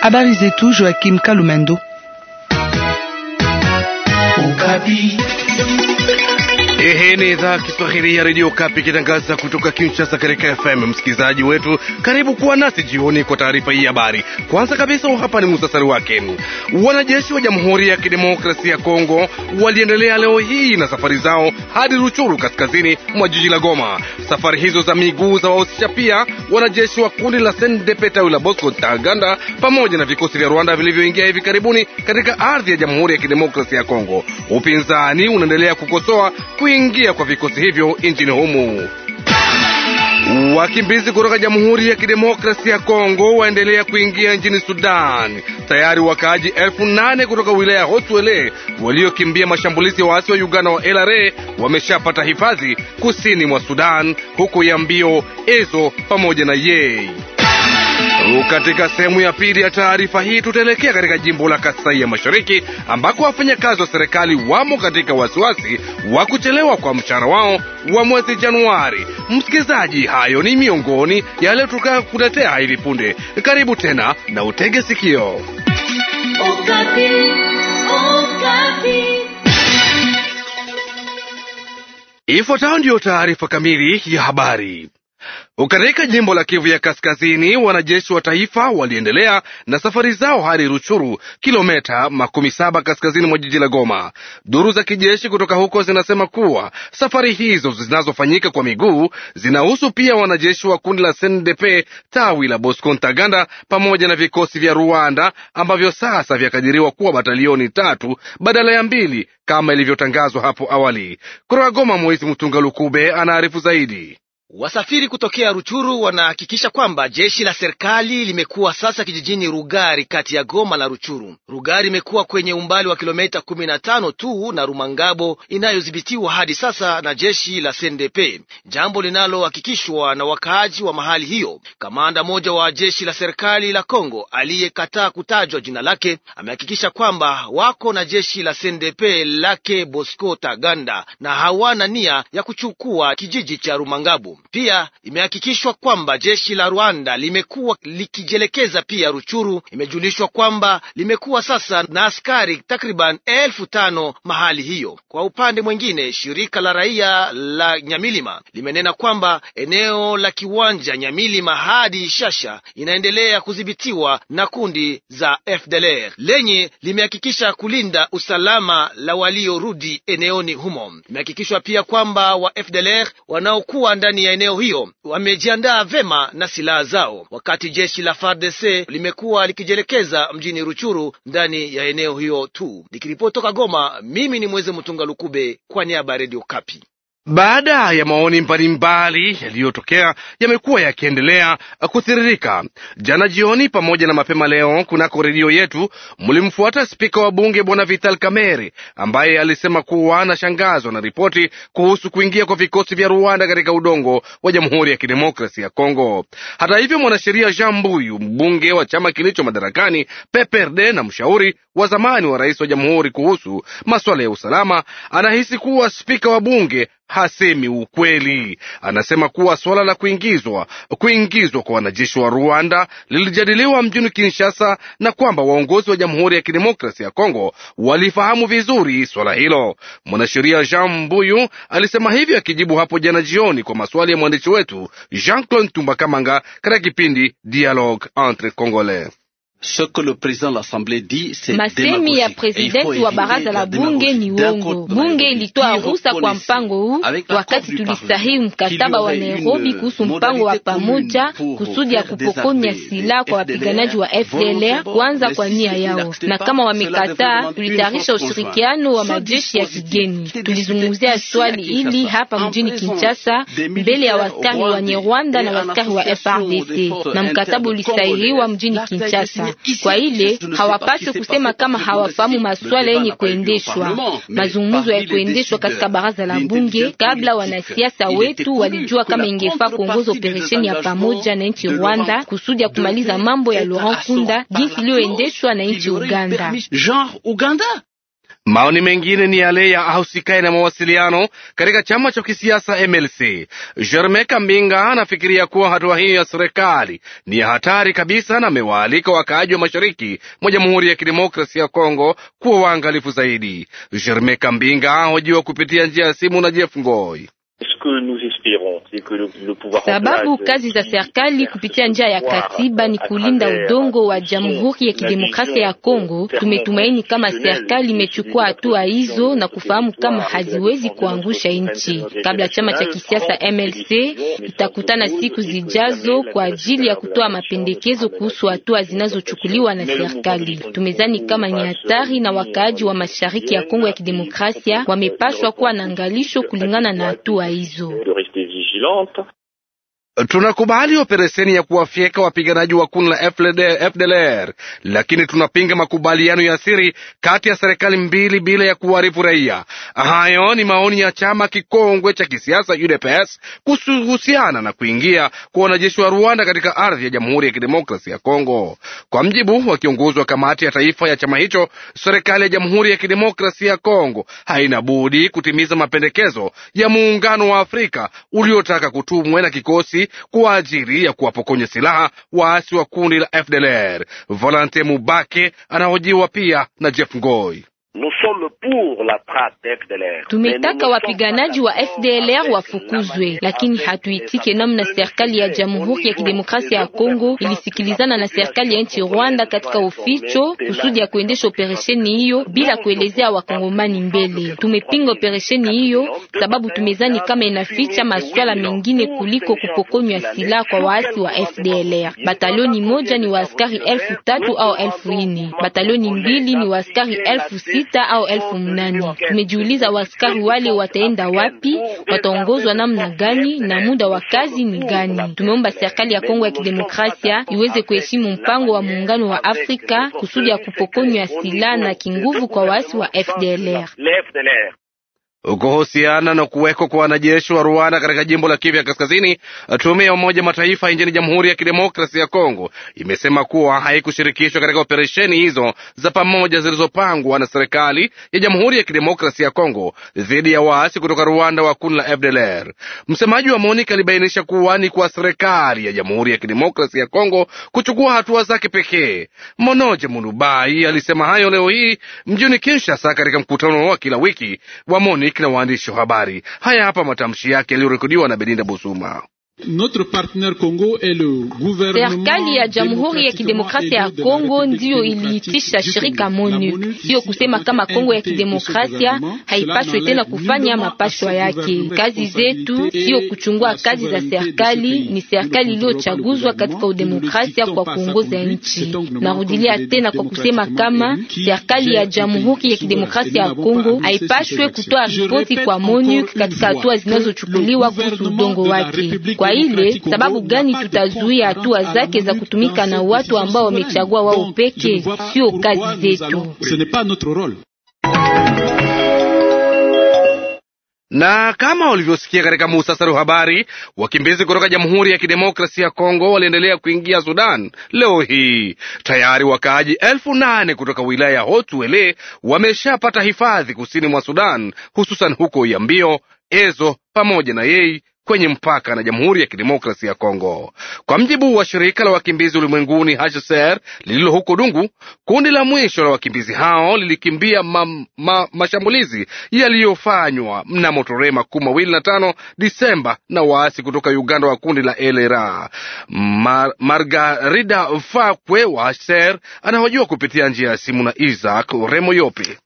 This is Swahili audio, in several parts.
Habari zetu Joachim Kalumendo Okapi. Hii ni idhaa Kiswahili ya redio Kapi ikitangaza kutoka Kinshasa katika FM. Msikilizaji wetu, karibu kuwa nasi jioni kwa taarifa hii habari. Kwanza kabisa, hapa ni muhtasari wake. Wanajeshi wa Jamhuri ya Kidemokrasia ya Kongo waliendelea leo hii na safari zao hadi Ruchuru, kaskazini mwa jiji la Goma. Safari hizo za miguu za wahusisha pia wanajeshi wa kundi la SNDP tawi la Bosco Taganda pamoja na vikosi vya Rwanda vilivyoingia hivi karibuni katika ardhi ya Jamhuri ya Kidemokrasia ya Kongo. Upinzani unaendelea kukosoa kui kuingia kwa vikosi hivyo nchini humu. Wakimbizi kutoka Jamhuri ya Kidemokrasia ya Kongo waendelea kuingia nchini Sudan. Tayari wakaaji elfu nane kutoka wilaya Hotwele waliokimbia mashambulizi ya waasi wa Uganda wa LRA wameshapata hifadhi kusini mwa Sudan, ya Yambio, Ezo pamoja na Yei. Katika sehemu ya pili ya taarifa hii tutaelekea katika jimbo la Kasai ya Mashariki ambako wafanyakazi wa serikali wamo katika wasiwasi wa kuchelewa kwa mshahara wao wa mwezi Januari. Msikilizaji, hayo ni miongoni yaliyotuka kutetea hivi punde. Karibu tena na utege sikio. Okapi, Okapi. Ifuatayo ndiyo taarifa kamili ya habari. Katika jimbo la Kivu ya Kaskazini, wanajeshi wa taifa waliendelea na safari zao hadi Ruchuru, kilometa makumi saba kaskazini mwa jiji la Goma. Duru za kijeshi kutoka huko zinasema kuwa safari hizo zinazofanyika kwa miguu zinahusu pia wanajeshi wa kundi la SNDP tawi la Bosco Ntaganda pamoja na vikosi vya Rwanda ambavyo sasa vyakadiriwa kuwa batalioni tatu badala ya mbili kama ilivyotangazwa hapo awali. Kutoka Goma, Moizi Mtunga Lukube anaarifu zaidi. Wasafiri kutokea Ruchuru wanahakikisha kwamba jeshi la serikali limekuwa sasa kijijini Rugari, kati ya Goma na Ruchuru. Rugari imekuwa kwenye umbali wa kilomita 15 tu na Rumangabo inayodhibitiwa hadi sasa na jeshi la CNDP, jambo linalohakikishwa na wakaaji wa mahali hiyo. Kamanda mmoja wa jeshi la serikali la Kongo aliyekataa kutajwa jina lake amehakikisha kwamba wako na jeshi la CNDP lake Bosco Taganda na hawana nia ya kuchukua kijiji cha Rumangabo. Pia imehakikishwa kwamba jeshi la Rwanda limekuwa likijielekeza pia Ruchuru. Imejulishwa kwamba limekuwa sasa na askari takriban elfu tano mahali hiyo. Kwa upande mwingine, shirika la raia la Nyamilima limenena kwamba eneo la kiwanja Nyamilima hadi Ishasha inaendelea kudhibitiwa na kundi za FDLR lenye limehakikisha kulinda usalama la waliorudi eneoni humo. Imehakikishwa pia kwamba wa FDLR wanaokuwa ndani ya eneo hiyo wamejiandaa vema na silaha zao, wakati jeshi la FARDC limekuwa likijielekeza mjini Ruchuru ndani ya eneo hiyo tu. Nikiripoti toka Goma, mimi ni Mweze Mtunga Lukube kwa niaba ya Radio Kapi. Baada ya maoni mbalimbali yaliyotokea yamekuwa yakiendelea kuthiririka jana jioni pamoja na mapema leo kunako redio yetu, mlimfuata spika wa bunge bwana Vital Kameri ambaye alisema kuwa anashangazwa na ripoti kuhusu kuingia kwa vikosi vya Rwanda katika udongo wa Jamhuri ya Kidemokrasia ya Kongo. Hata hivyo, mwanasheria Jean Mbuyu, mbunge wa chama kilicho madarakani PPRD na mshauri wa zamani wa rais wa jamhuri kuhusu masuala ya usalama anahisi kuwa spika wa bunge hasemi ukweli. Anasema kuwa suala la kuingizwa kuingizwa kwa wanajeshi wa Rwanda lilijadiliwa mjini Kinshasa na kwamba waongozi wa Jamhuri ya Kidemokrasia ya Kongo walifahamu vizuri swala hilo. Mwanasheria Jean Mbuyu alisema hivyo akijibu hapo jana jioni kwa maswali ya mwandishi wetu Jean Claude Tumbakamanga katika kipindi Dialogue entre Congolais. Ce que le président de l'Assemblée dit, c'est masemi ya presidenti wa baraza la bunge ni uongo. Bunge ilitoa ruhusa kwa mpango huu wakati tulisahihi mkataba wa Nairobi kuhusu mpango wa pamoja kusudi ya kupokonya silaha kwa wapiganaji wa FDLR kwanza kwa nia yao, na kama wamekataa, tulitayarisha ushirikiano wa majeshi ya kigeni. Tulizungumzia swali hili hapa mjini Kinshasa mbele ya waskari wa Nyarwanda na waskari wa FRDC na mkataba ulisahihiwa mjini Kinshasa. Kwa ile hawapaswi kusema kama hawafahamu maswala yenye kuendeshwa. Mazungumzo ya kuendeshwa katika baraza la bunge kabla, wanasiasa wetu walijua kama ingefaa kuongoza operesheni ya pamoja na nchi Rwanda kusudi ya kumaliza mambo ya Laurent Kunda jinsi iliyoendeshwa na nchi Uganda. Maoni mengine ni yale ya ahusikaye na mawasiliano katika chama cha kisiasa MLC. Germain Kambinga anafikiria kuwa hatua hiyo ya serikali ni ya hatari kabisa, na amewaalika wakaaji wa mashariki mwa Jamhuri ya Kidemokrasia ya Kongo kuwa waangalifu zaidi. Germain Kambinga hojiwa kupitia njia ya simu na Jeff Ngoi que nous espérons, c'est que le, le pouvoir sababu kazi za serikali kupitia njia ya katiba ni kulinda udongo wa Jamhuri ya Kidemokrasia ya Kongo. Tumetumaini kama serikali imechukua hatua hizo na kufahamu kama haziwezi kuangusha nchi, kabla chama cha kisiasa MLC itakutana siku zijazo kwa ajili ya kutoa mapendekezo kuhusu hatua zinazochukuliwa na serikali. Tumezani kama ni hatari na wakaaji wa mashariki ya Kongo ya Kidemokrasia wamepaswa kuwa na angalisho kulingana na hatua hizo. De rester vigilante Tunakubali operesheni ya kuwafyeka wapiganaji wa kundi la FDLR, lakini tunapinga makubaliano ya siri kati ya serikali mbili bila ya kuharifu raia. Hayo ni maoni ya chama kikongwe cha kisiasa UDPS kuhusiana na kuingia kwa wanajeshi wa Rwanda katika ardhi ya Jamhuri ya Kidemokrasia ya Kongo. Kwa mjibu wa kiongozi wa kamati ya taifa ya chama hicho, serikali ya Jamhuri ya Kidemokrasia ya Kongo haina budi kutimiza mapendekezo ya Muungano wa Afrika uliotaka kutumwe na kikosi kwa ajili ya kuwapokonya silaha waasi wa kundi la FDLR. Volante Mubake anahojiwa pia na Jeff Ngoi. Tumetaka wapiganaji wa FDLR wafukuzwe, lakini hatuitike namna serikali ya Jamhuri ya Kidemokrasia ya Kongo ilisikilizana na serikali ya nchi Rwanda katika uficho kusudi ya kuendesha operesheni hiyo bila kuelezea wakongomani mbele. Tumepinga operesheni hiyo sababu tumezani kama inaficha maswala mengine kuliko kupokonywa silaha kwa waasi wa FDLR. Batalioni moja ni waaskari elfu tatu au elfu nne batalioni mbili ni waaskari elfu sita sita au elfu mnane. Tumejiuliza waskari wale wataenda wapi, wataongozwa namna gani na muda wa kazi ni gani. Tumeomba serikali ya Kongo ya Kidemokrasia iweze kuheshimu mpango wa muungano wa Afrika kusudi ya kupokonywa silaha na kinguvu kwa waasi wa FDLR. Kuhusiana na kuwekwa kwa wanajeshi wa Rwanda katika jimbo la Kivu ya Kaskazini, tume ya Umoja Mataifa nchini Jamhuri ya Kidemokrasi ya Kongo imesema kuwa haikushirikishwa katika operesheni hizo za pamoja zilizopangwa na serikali ya Jamhuri ya Kidemokrasi ya Kongo dhidi ya waasi kutoka Rwanda wa kundi la FDLR. Msemaji wa MONIKA alibainisha kuwa ni kwa serikali ya Jamhuri ya Kidemokrasi ya Kongo kuchukua hatua zake pekee. Monoje Munubai alisema hayo leo hii mjini Kinshasa katika mkutano wa kila wiki wa MONUC Dominic na waandishi wa habari. Haya hapa matamshi yake yaliyorekodiwa na belinda Busuma. Serikali ya Jamhuri ya Kidemokrasia ya Kongo ndiyo iliitisha shirika MONUC, sio kusema kama Kongo ya Kidemokrasia haipashwe tena kufanya mapashwa yake. Kazi zetu sio kuchungua kazi za serikali, ni serikali iliyochaguzwa katika udemokrasia kwa kuongoza nchi. Narudilia tena kwa kusema kama serikali ya Jamhuri ya Kidemokrasia ya Kongo haipaswe kutoa ripoti kwa MONUC katika hatua zinazochukuliwa kuhusu udongo wake kwa kwa ile sababu gani tutazuia hatua zake za kutumika na watu ambao wamechagua wao peke? Sio kazi zetu. Na kama ulivyosikia katika muhtasari wa habari, wakimbizi kutoka Jamhuri ya Kidemokrasia ya Kongo waliendelea kuingia Sudan leo hii. Tayari wakaaji elfu nane kutoka wilaya ya Hotuele wameshapata hifadhi kusini mwa Sudan, hususan huko Yambio, Ezo pamoja na Yei kwenye mpaka na Jamhuri ya Kidemokrasi ya Kongo. Kwa mjibu wa shirika la wakimbizi ulimwenguni HCR lililo huko Dungu, kundi la mwisho la wakimbizi hao lilikimbia ma, ma, mashambulizi yaliyofanywa mnamo tarehe makumi mawili na tano Disemba na waasi kutoka Uganda wa kundi la LRA. Mar, Margarida Fakwe wa HCR anahojiwa kupitia njia ya simu na Isaac Remoyope.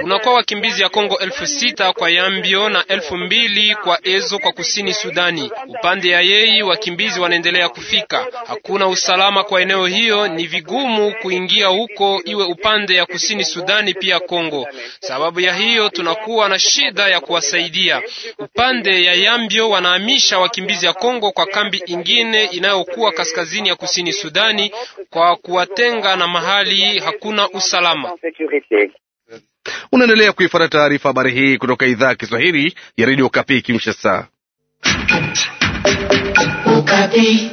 Kunakuwa wakimbizi ya Kongo elfu sita kwa Yambio na elfu mbili kwa Ezo kwa kusini Sudani. Upande ya Yei wakimbizi wanaendelea kufika, hakuna usalama kwa eneo hiyo, ni vigumu kuingia huko, iwe upande ya kusini Sudani pia Kongo. Sababu ya hiyo tunakuwa na shida ya kuwasaidia. Upande ya Yambio wanahamisha wakimbizi ya Kongo kwa kambi ingine inayokuwa kaskazini ya kusini Sudani kwa kuwatenga na mahali hakuna usalama pekee. Unaendelea kuifuata taarifa habari hii kutoka idhaa ya Kiswahili ya redio Kapi Kinshasa. Ukapi,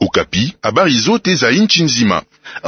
Ukapi, habari zote za nchi nzima.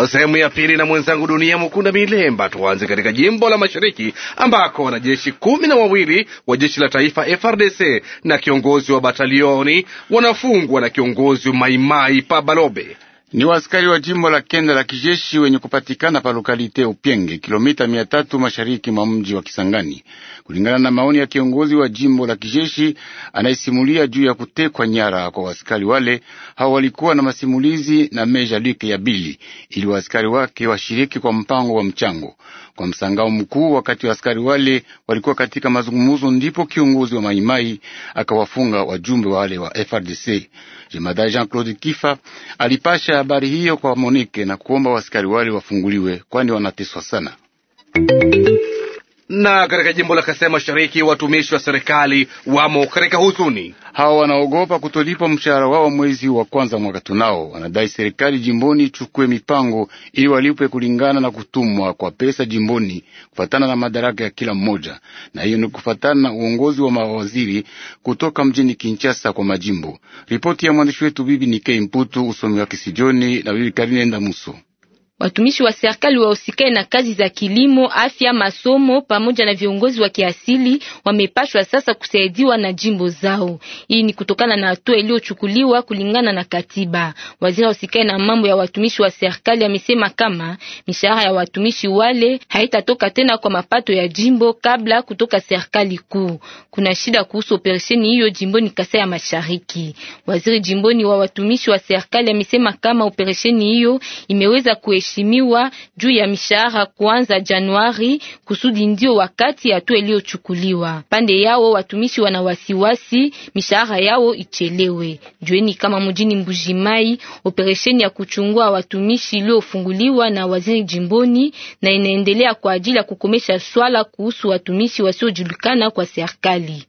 Sehemu ya pili na mwenzangu Dunia Mukunda Milemba. Tuanze katika jimbo la Mashariki ambako wanajeshi kumi na wawili wa jeshi la taifa FRDC na kiongozi wa batalioni wanafungwa na kiongozi Maimai Pabalobe ni waaskari wa jimbo la kenda la kijeshi wenye kupatikana pa lokalite Upyenge, kilomita mia tatu mashariki mwa mji wa Kisangani, kulingana na maoni ya kiongozi wa jimbo la kijeshi anayesimulia juu ya kutekwa nyara kwa waaskari wale. Hao walikuwa na masimulizi na Meja Luke ya Bili ili waaskari wake washiriki kwa mpango wa mchango kwa msangao mkuu. Wakati wa askari wale walikuwa katika mazungumzo, ndipo kiongozi wa Maimai akawafunga wajumbe wale wa FRDC. Jemadari Jean-Claude Kifa alipasha habari hiyo kwa monike na kuomba wasikari wale wafunguliwe, kwani wanateswa sana na katika jimbo la Kasai Mashariki watumishi wa serikali wamo katika huzuni. Hawa wanaogopa kutolipwa mshahara wao mwezi wa kwanza mwaka tunao. Wanadai serikali jimboni ichukue mipango ili walipwe kulingana na kutumwa kwa pesa jimboni kufatana na madaraka ya kila mmoja, na hiyo ni kufatana na uongozi wa mawaziri kutoka mjini Kinshasa kwa majimbo. Ripoti ya mwandishi wetu Bibi Nikei Mputu, usomi wa Kisijoni na Bibi Karine Ndamuso. Watumishi wa serikali wahusikae na kazi za kilimo, afya, masomo pamoja na viongozi wa kiasili wamepashwa sasa kusaidiwa na jimbo zao. Hii ni kutokana na hatua iliyochukuliwa kulingana na katiba. Waziri wahusikae na mambo ya watumishi wa serikali amesema kama mishahara ya watumishi wale haitatoka tena kwa mapato ya jimbo kabla kutoka serikali kuu. Kuna shida kuhusu operesheni hiyo jimboni Kasai ya Mashariki. Waziri jimboni wa watumishi wa serikali amesema kama operesheni hiyo imeweza ku kuheshimiwa juu ya mishahara kuanza Januari kusudi ndio wakati hatua iliyochukuliwa. Pande yao watumishi wana wasiwasi mishahara yao ichelewe. Jueni kama mjini Mbujimai operesheni ya kuchungua watumishi iliyofunguliwa na waziri jimboni na inaendelea kwa ajili ya kukomesha swala kuhusu watumishi wasiojulikana kwa serikali.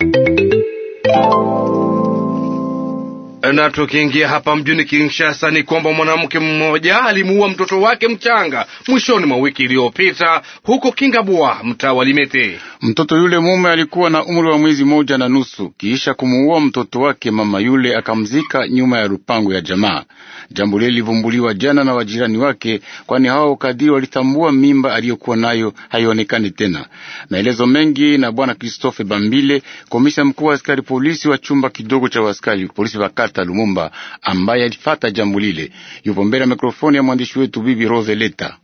Na tukiingia hapa mjini Kinshasa ni kwamba mwanamke mmoja alimuua mtoto wake mchanga mwishoni mwa wiki iliyopita huko Kingabwa, mtaa wa Limete. Mtoto yule mume alikuwa na umri wa mwezi moja na nusu. Kisha kumuua mtoto wake, mama yule akamzika nyuma ya rupango ya jamaa. Jambo lile lilivumbuliwa jana na wajirani wake, kwani hao kadiri walitambua mimba aliyokuwa nayo haionekani tena. Maelezo mengi na Bwana Christophe Bambile, komisa mkuu wa askari polisi wa chumba kidogo cha askari polisi wakati Martha Lumumba ambaye alifata jambo lile. Yupo mbele ya mikrofoni ya mwandishi wetu Bibi Roseleta.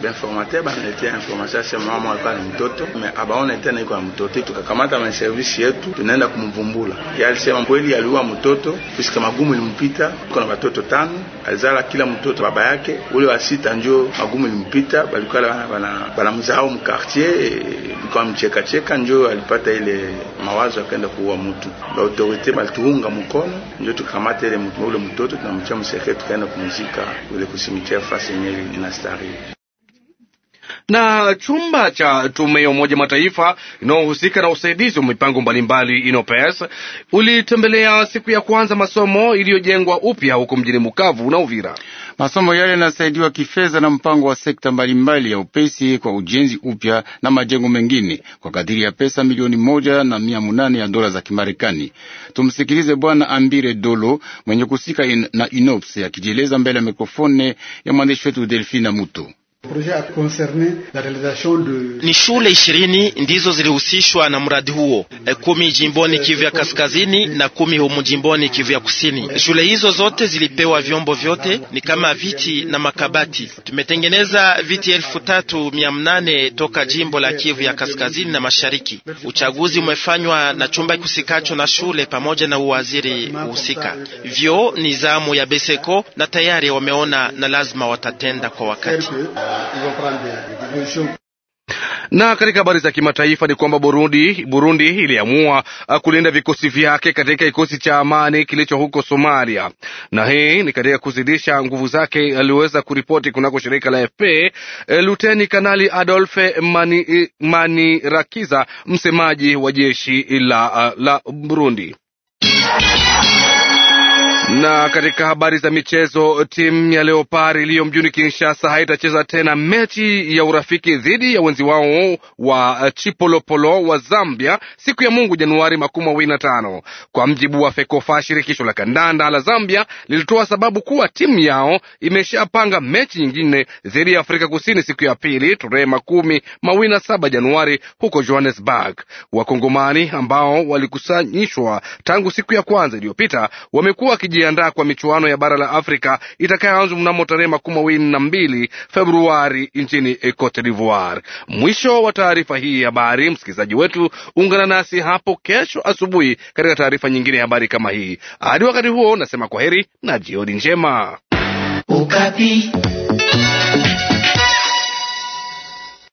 Informateur banaletea information asema mama alikuwa ni mtoto me abaone tena iko mtoto, tukakamata ma service yetu tunaenda kumvumbula. Yeye alisema kweli aliua mtoto kisha magumu ilimpita, kuna watoto tano alizala kila mtoto baba yake, ule wa sita njo magumu ilimpita, balikuwa bana bana mzao mkartier kwa mcheka cheka, njo alipata ile mawazo akaenda kuua mtu. Ba autorite balituunga mkono, njo tukamata ile ule mtoto tunamchia msekre, tukaenda kumzika ule kusimikea fasi yenyewe inastari na chumba cha tume ya Umoja Mataifa inayohusika na usaidizi wa mipango mbalimbali INOPES ulitembelea siku ya kwanza masomo iliyojengwa upya huko mjini mukavu na Uvira. Masomo yale yanasaidiwa kifedha na mpango wa sekta mbalimbali ya upesi kwa ujenzi upya na majengo mengine kwa kadiri ya pesa milioni moja na mia munane ya dola za Kimarekani. Tumsikilize Bwana Ambire Dolo mwenye kusika in, na INOPS akijieleza mbele ya mikrofone ya mwandishi wetu Delfina Muto. Ni shule ishirini ndizo zilihusishwa na mradi huo, eh, kumi jimboni Kivu ya kaskazini na kumi humu jimboni Kivu ya kusini. Shule hizo zote zilipewa vyombo vyote, ni kama viti na makabati. Tumetengeneza viti elfu tatu mia mnane toka jimbo la Kivu ya kaskazini na mashariki. Uchaguzi umefanywa na chumba kusikacho na shule pamoja na uwaziri husika. Vyoo ni zamu ya Beseko na tayari wameona na lazima watatenda kwa wakati. Na katika habari za kimataifa ni kwamba Burundi, Burundi iliamua uh, kulinda vikosi vyake katika kikosi cha amani kilicho huko Somalia, na hii ni katika kuzidisha nguvu zake, uh, aliweza kuripoti kunako shirika la FP uh, Luteni Kanali Adolfe Manirakiza, msemaji wa jeshi la, la Burundi. Na katika habari za michezo, timu ya leopar iliyo mjini Kinshasa haitacheza tena mechi ya urafiki dhidi ya wenzi wao wa Chipolopolo wa Zambia siku ya Mungu Januari makumi mawili na tano. Kwa mjibu wa FEKOFA, shirikisho la kandanda la Zambia lilitoa sababu kuwa timu yao imeshapanga mechi nyingine dhidi ya Afrika Kusini siku ya pili tarehe makumi mawili na saba Januari huko Johannesburg. Wakongomani ambao walikusanyishwa tangu siku ya kwanza iliyopita wamekuwa wakijia kujiandaa kwa michuano ya bara la Afrika itakayoanza mnamo tarehe makumi mawili na mbili Februari nchini Cote d'Ivoire. Mwisho wa taarifa hii habari. Msikilizaji wetu, ungana nasi hapo kesho asubuhi katika taarifa nyingine ya habari kama hii. Hadi wakati huo, nasema kwa heri na jioni njema. Ukapi.